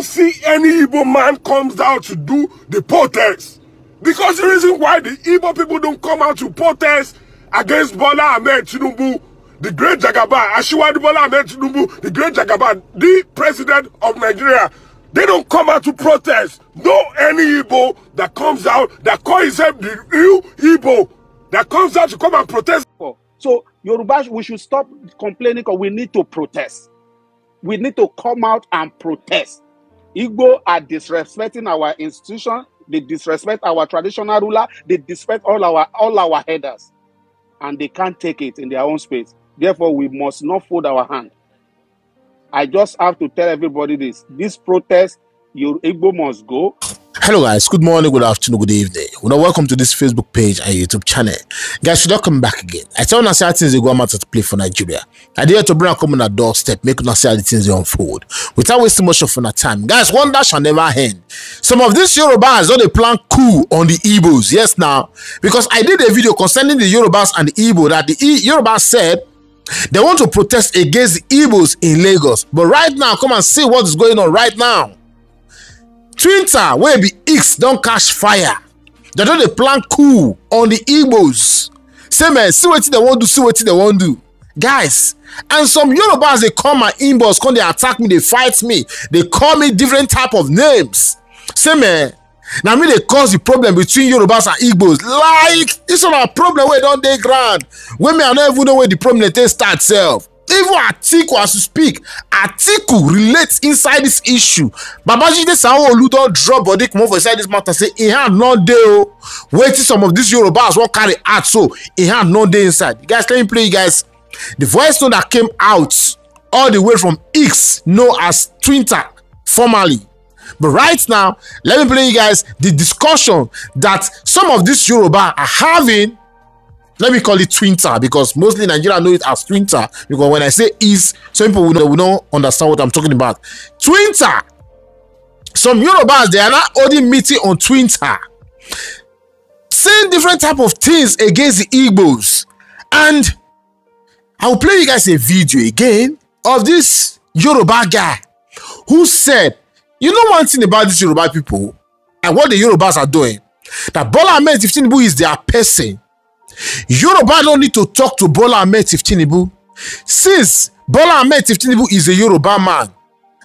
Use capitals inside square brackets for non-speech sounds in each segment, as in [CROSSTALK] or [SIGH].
see any Igbo man comes out to do the protest. Because the reason why the Igbo people don't come out to protest against Bola Ahmed Tinubu, the great Jagaba, Ashiwadu Bola Ahmed Tinubu, the great Jagaba, the president of Nigeria, they don't come out to protest. No any Igbo that comes out, that calls himself the real Igbo, that comes out to come and protest. So Yoruba, we should stop complaining because we need to protest. We need to come out and protest. Igbo are disrespecting our institution. They disrespect our traditional ruler. They disrespect all our all our headers, and they can't take it in their own space. Therefore, we must not fold our hand. I just have to tell everybody this: this protest your Igbo must go. Hello guys, good morning, good afternoon, good evening. Well, welcome to this Facebook page and YouTube channel. Guys, should I come back again? I tell Nasa how things they go matter to play for Nigeria. I dare to bring a common on a doorstep, make Nasa the things they unfold. Without wasting much of our time. Guys, one dash shall never end. Some of these Yorubas know they plan coup on the Igbos. Yes, now. Because I did a video concerning the Yorubas and the Igbo that the e Yorubas said they want to protest against the Igbos in Lagos. But right now, come and see what is going on right now. twitter wey be x don catch fire dem don dey plan coup on di igbos say men eh, see wetin dem wan do see wetin dem wan do guys and some yorubas dey come my inbox come dey attack me dey fight me dey call me different type of names say men eh, na me dey cause the problem between yorubas and igbos like this one na problem wey don dey ground wey me i no even know where the problem dey take start sef even atiku as you speak atiku relate inside this issue babajide sanwo-olu don drop body comot for inside this matter say im hand no dey o oh. wetin some of these yorubas wan carry out so im hand no dey inside you guys let me play you guys the voice note that came out all the way from x known as twitter formerly but right now let me play you guys the discussion that some of these yoruba are having Let me call it Twitter because mostly Nigeria know it as Twitter because when I say is, some people will not, will not understand what I'm talking about. Twitter. Some Yorubas, they are not holding meeting on Twitter. Saying different type of things against the Igbos. And I'll play you guys a video again of this Yoruba guy who said, you know one thing about these Yoruba people and what the Yorubas are doing? That Bola Ahmed Tinubu is their person Yoruba don't need to talk to Bola Ahmed Tinubu. Since Bola Ahmed Tinubu is a Yoruba man,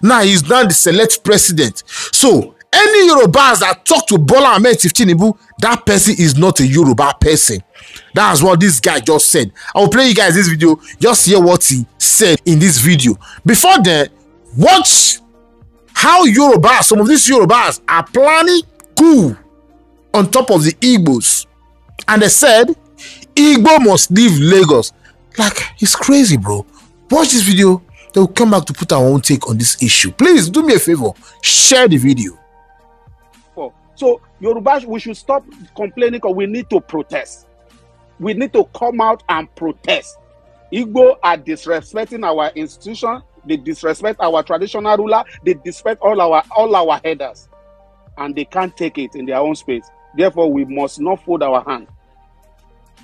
now he's now the select president. So any Yorubas that talk to Bola Ahmed Tinubu, that person is not a Yoruba person. That's what this guy just said. I will play you guys this video. Just hear what he said in this video. Before then, watch how Yorubas, some of these Yorubas are planning coup on top of the Igbos. And they said Igbo must leave Lagos. Like, it's crazy, bro. Watch this video. They will come back to put our own take on this issue. Please do me a favor. Share the video. So, Yoruba, we should stop complaining or we need to protest. We need to come out and protest. Igbo are disrespecting our institution. They disrespect our traditional ruler. They disrespect all our all our headers. And they can't take it in their own space. Therefore, we must not fold our hand.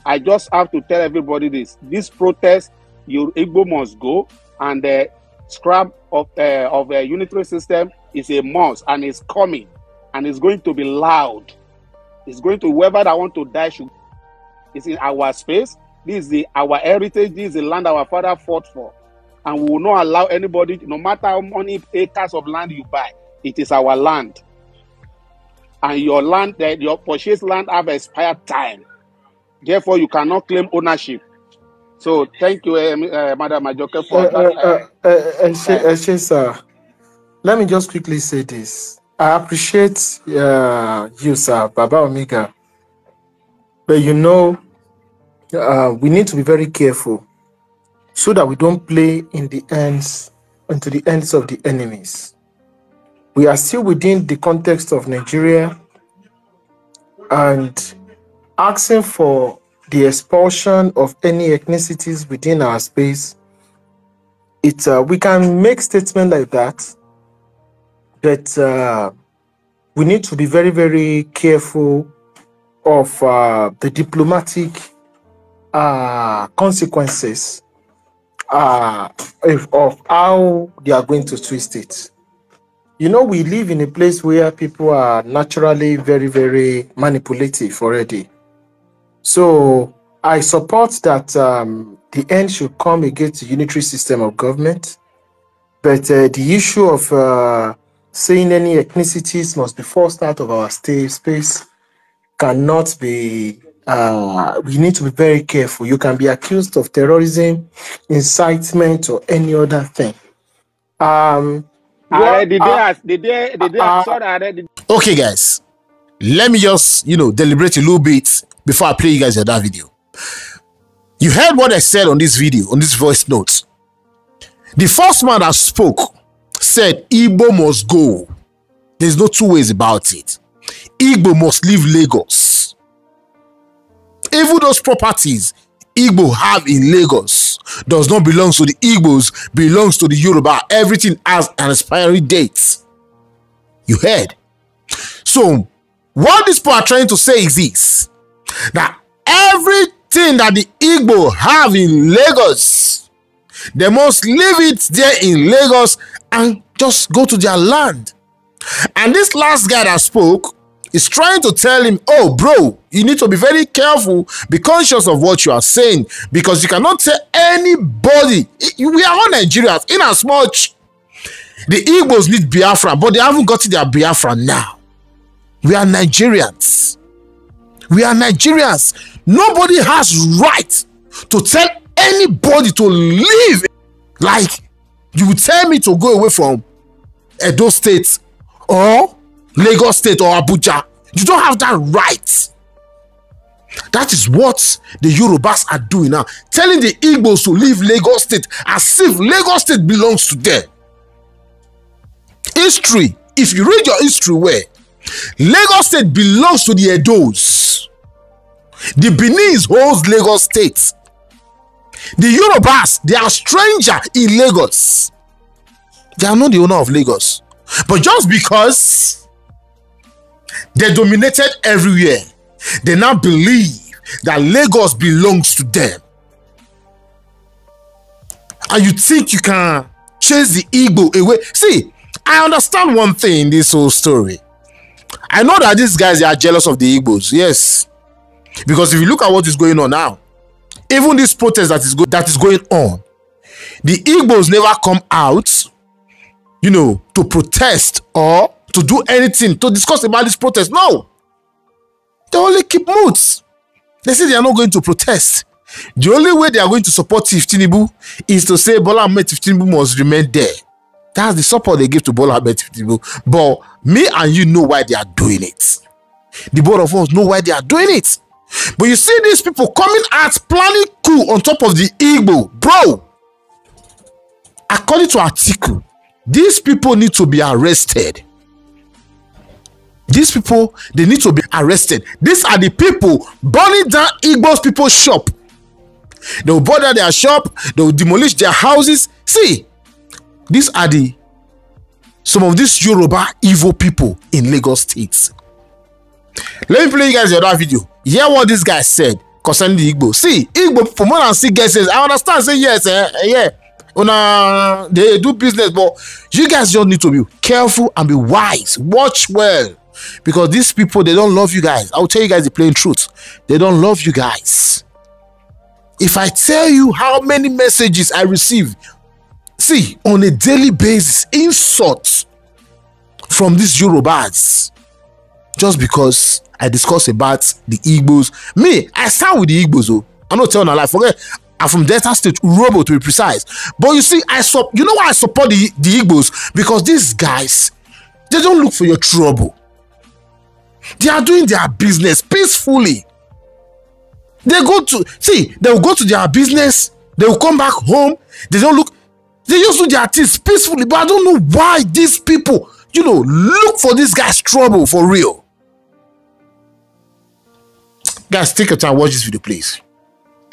I just have to tell everybody this: this protest, your Igbo must go, and the uh, scrap of uh, of a uh, unitary system is a must, and it's coming, and it's going to be loud. It's going to whoever that want to die should. It's in our space. This is the, our heritage. This is the land our father fought for, and we will not allow anybody, no matter how many acres of land you buy, it is our land. And your land, your purchased land, have expired time Therefore, you cannot claim ownership. So thank you, uh, Madam Ajoke, for eh, that. Uh, sir, let me just quickly say this. I appreciate uh, you, sir, Baba Omega. But you know, uh, we need to be very careful so that we don't play in the ends into the ends of the enemies. We are still within the context of Nigeria and asking for the expulsion of any ethnicities within our space, it uh, we can make statement like that, but uh, we need to be very, very careful of uh, the diplomatic uh, consequences uh, if, of how they are going to twist it. You know, we live in a place where people are naturally very, very manipulative already so I support that um, the end should come against the unitary system of government, but uh, the issue of uh, saying any ethnicities must be forced out of our state space cannot be. Uh, we need to be very careful. You can be accused of terrorism, incitement, or any other thing. Um, uh, Okay, guys, let me just you know deliberate a little bit before I play you guys that video. You heard what I said on this video, on this voice note. The first man that spoke said Igbo must go. There's no two ways about it. Igbo must leave Lagos. Even those properties Igbo have in Lagos does not belong to the Igbos, belongs to the Yoruba. Everything has an expiry date. You heard? So, what these people are trying to say is this. Now everything that the Igbo have in Lagos, they must leave it there in Lagos and just go to their land. And this last guy that spoke is trying to tell him, oh, bro, you need to be very careful, be conscious of what you are saying, because you cannot tell anybody. We are all Nigerians, in as much the Igbos need Biafra, but they haven't got their Biafra now. We are Nigerians. we are nigerians nobody has right to tell anybody to leave like you tell me to go away from edo state or lagos state or abuja you don't have that right that is what the yorubas are doing now telling the igbos to leave lagos state as if lagos state belongs to them history if you read your history well Lagos State belongs to the Edos. The Benin's holds Lagos State. The Yorubas, they are stranger in Lagos. They are not the owner of Lagos. But just because they dominated everywhere, they now believe that Lagos belongs to them. And you think you can chase the ego away? See, I understand one thing in this whole story. I know that these guys they are jealous of the Igbos, yes. Because if you look at what is going on now, even this protest that is, go that is going on, the Igbos never come out, you know, to protest or to do anything, to discuss about this protest. No. They only keep moods. They say they are not going to protest. The only way they are going to support Tiftinibu is to say Bola Ahmed Tiftinibu must remain there. That's the support they give to Bola Ahmed But me and you know why they are doing it. The both of us know why they are doing it. But you see these people coming at planning coup on top of the Igbo. Bro, according to article, these people need to be arrested. These people, they need to be arrested. These are the people burning down Igbo's people's shop. They will burn down their shop. They will demolish their houses. See, These are the some of these Yoruba evil people in Lagos State. Let me play you guys the other video. Hear what this guy said concerning the Igbo. See, Igbo for more than six guys I understand, say yes, eh, eh, yeah. Una, they do business, but you guys just need to be careful and be wise. Watch well. Because these people, they don't love you guys. I'll tell you guys the plain truth. They don't love you guys. If I tell you how many messages I receive see on a daily basis insults from these Eurobats just because I discuss about the Igbos. Me, I start with the Igbos, though. I'm not telling a lie. Forget, I'm from Delta State, Robo to be precise. But you see, I sup you know why I support the, the Igbos? Because these guys, they don't look for your trouble. They are doing their business peacefully. They go to see, they will go to their business, they will come back home, they don't look they just do their things peacefully but i don't know why these people you know look for this guy's trouble for real guys take your time watch this video please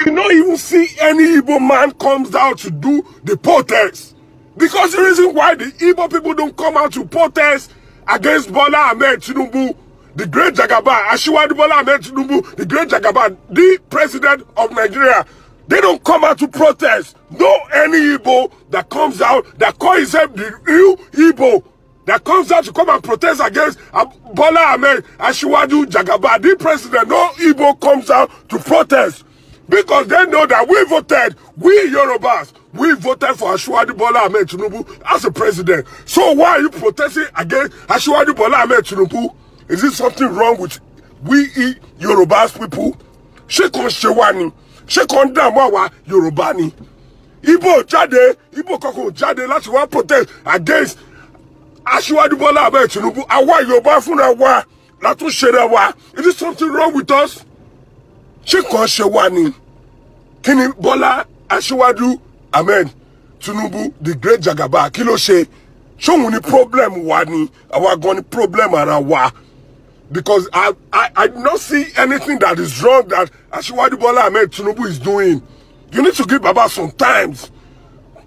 you not even see any Igbo man comes out to do the protest because the reason why the Igbo people don't come out to protest against Bola Ahmed Tinubu the great Jagaba Asiwaju Bola Ahmed Tinubu the great Jagaba the president of Nigeria They don't come out to protest. No any Igbo that comes out, that calls himself the real Igbo, that comes out to come and protest against Bola Ahmed Ashiwaju Jagabadi president. No Igbo comes out to protest because they know that we voted, we Yorubas, we voted for Ashiwaju Bola Ahmed Tinubu as a president. So why are you protesting against Ashiwaju Bola Ahmed Tinubu? Is it something wrong with we Yorubas people? Ṣé kàn ṣe ṣé kàn dààmú àwa yorùbá ni ibo jáde ibo kankan jáde láti wá protest against aṣíwájú bọ́lá abẹ́ tinubu àwa yorùbá fúnra wa látún ṣeré wa is there something wrong with us ṣé kàn ṣe wa ni kí ni bọ́lá aṣíwájú ahmed tinubu the great jagaba kí ló ṣe ṣóhun ni problem wa ni àwa gan ni problem ara wa because i i i do not see anything that is wrong that As what the Bola Ahmed Tinubu is doing. You need to give Baba some time.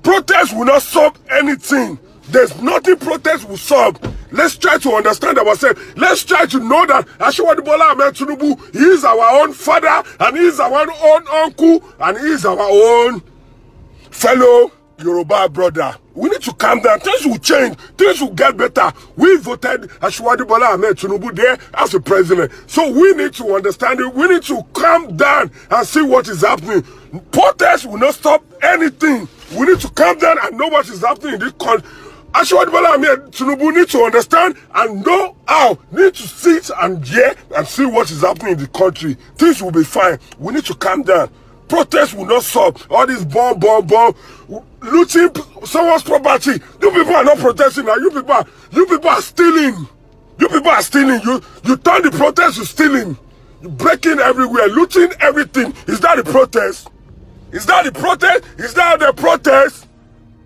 Protest will not solve anything. There's nothing protest will solve. Let's try to understand ourselves. Let's try to know that Ashwadi Bola Ahmed Tinubu is our own father and he is our own uncle and he is our own fellow Yoruba brother. We need to calm down. Things will change. Things will get better. We voted Ashwadi Bola Ahmed Tinubu there as the president. So we need to understand it. We need to calm down and see what is happening. Protests will not stop anything. We need to calm down and know what is happening in this country. Ashwadi Bola Ahmed Tinubu need to understand and know how. Need to sit and hear and see what is happening in the country. Things will be fine. We need to calm down. Protests will not stop. All this bomb, bomb, bomb looting someone's property. You people are not protesting now. You people are, you people are stealing. You people are stealing. You you turn the protest to stealing. You breaking everywhere, looting everything. Is that the protest? Is that the protest? Is that the protest?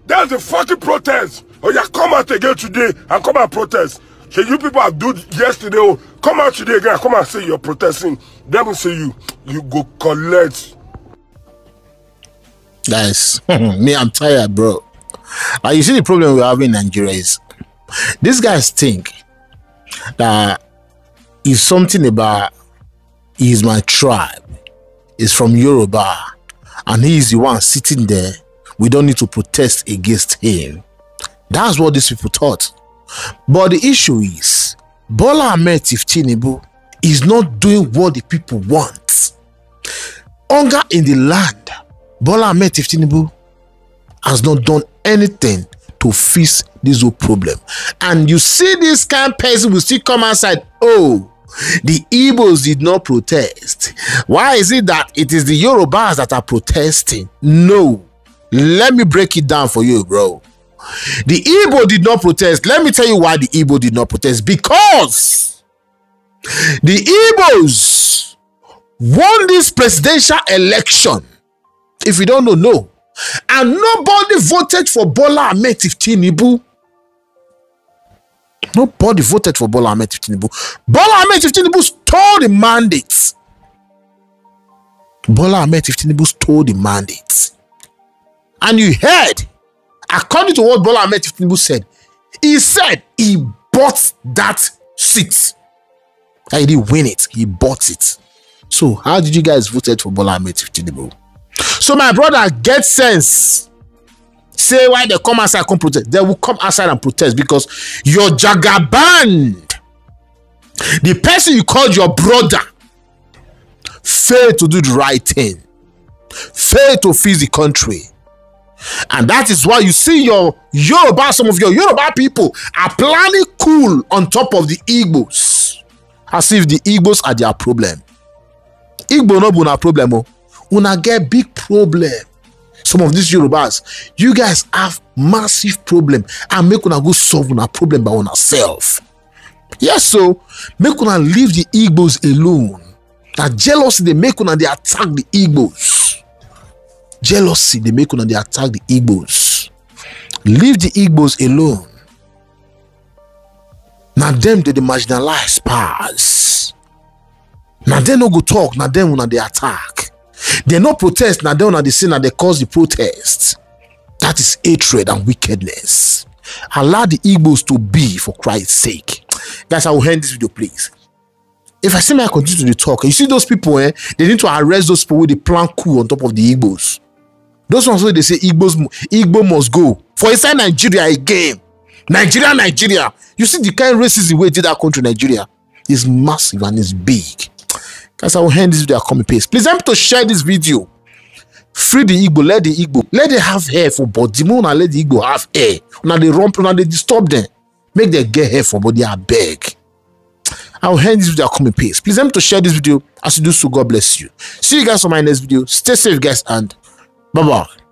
That's the fucking protest. Oh yeah, come out again today and come and protest. So you people have do yesterday. Oh, come out today again. Come and say you're protesting. Let me see you. You go collect. Guys, [LAUGHS] me, I'm tired, bro. Now, you see, the problem we have in Nigeria is these guys think that is something about is my tribe, is from Yoruba, and he is the one sitting there. We don't need to protest against him. That's what these people thought. But the issue is, Bola Ahmed Tinubu is not doing what the people want. Hunger in the land Bola Ahmed Tinubu has not done anything to fix this whole problem. And you see this kind of person will still come outside, oh, the Igbos did not protest. Why is it that it is the Yorubas that are protesting? No. Let me break it down for you, bro. The Igbo did not protest. Let me tell you why the Igbo did not protest. Because the Igbos won this presidential election if you don't know, no. And nobody voted for Bola Ahmed Tinubu. Nobody voted for Bola Ahmed Tinubu. Bola Ahmed Tinubu stole the mandate. Bola Ahmed Tinubu stole the mandate. And you heard, according to what Bola Ahmed Tinubu said, he said he bought that seat. And he didn't win it. He bought it. So how did you guys vote for Bola Ahmed Tinubu? so my brother get sense say why they come outside come protest they will come outside and protest because your jagaband the person you called your brother failed to do the right thing failed to fix the country and that is why you see your yoruba some of your yoruba people are planning cool on top of the igbos as if the igbos are their problem igbo no be una problem Oh una get big problem some of these yorubas you guys have massive problem and make una go solve una problem by una self yes so make una leave the igbos alone na jealousy dey make una dey attack the igbos jealousy dey make una dey attack the igbos leave the igbos alone na dem dey dey marginalize pass na dem no go talk na dem una dey attack They no protest, now they on the scene, now they cause the protest. That is hatred and wickedness. Allow the Igbos to be for Christ's sake. Guys, I will end this video, please. If I see my continue to the talk, you see those people, eh, they need to arrest those people with the plan coup on top of the Igbos. Those ones where they say Igbos, Igbo must go. For inside Nigeria again. Nigeria, Nigeria. You see the kind of racism way did that country, Nigeria, is massive and is big. Guys, I will end this video. come in peace. Please help to share this video. Free the Igbo. Let the Igbo. Let them have hair for body. Una let the Igbo have hair. Now they romp. Now they disturb them. Make them get hair for body. I beg. I will end this video. come in peace. Please help to share this video. As you do so, God bless you. See you guys on my next video. Stay safe, guys, and bye-bye.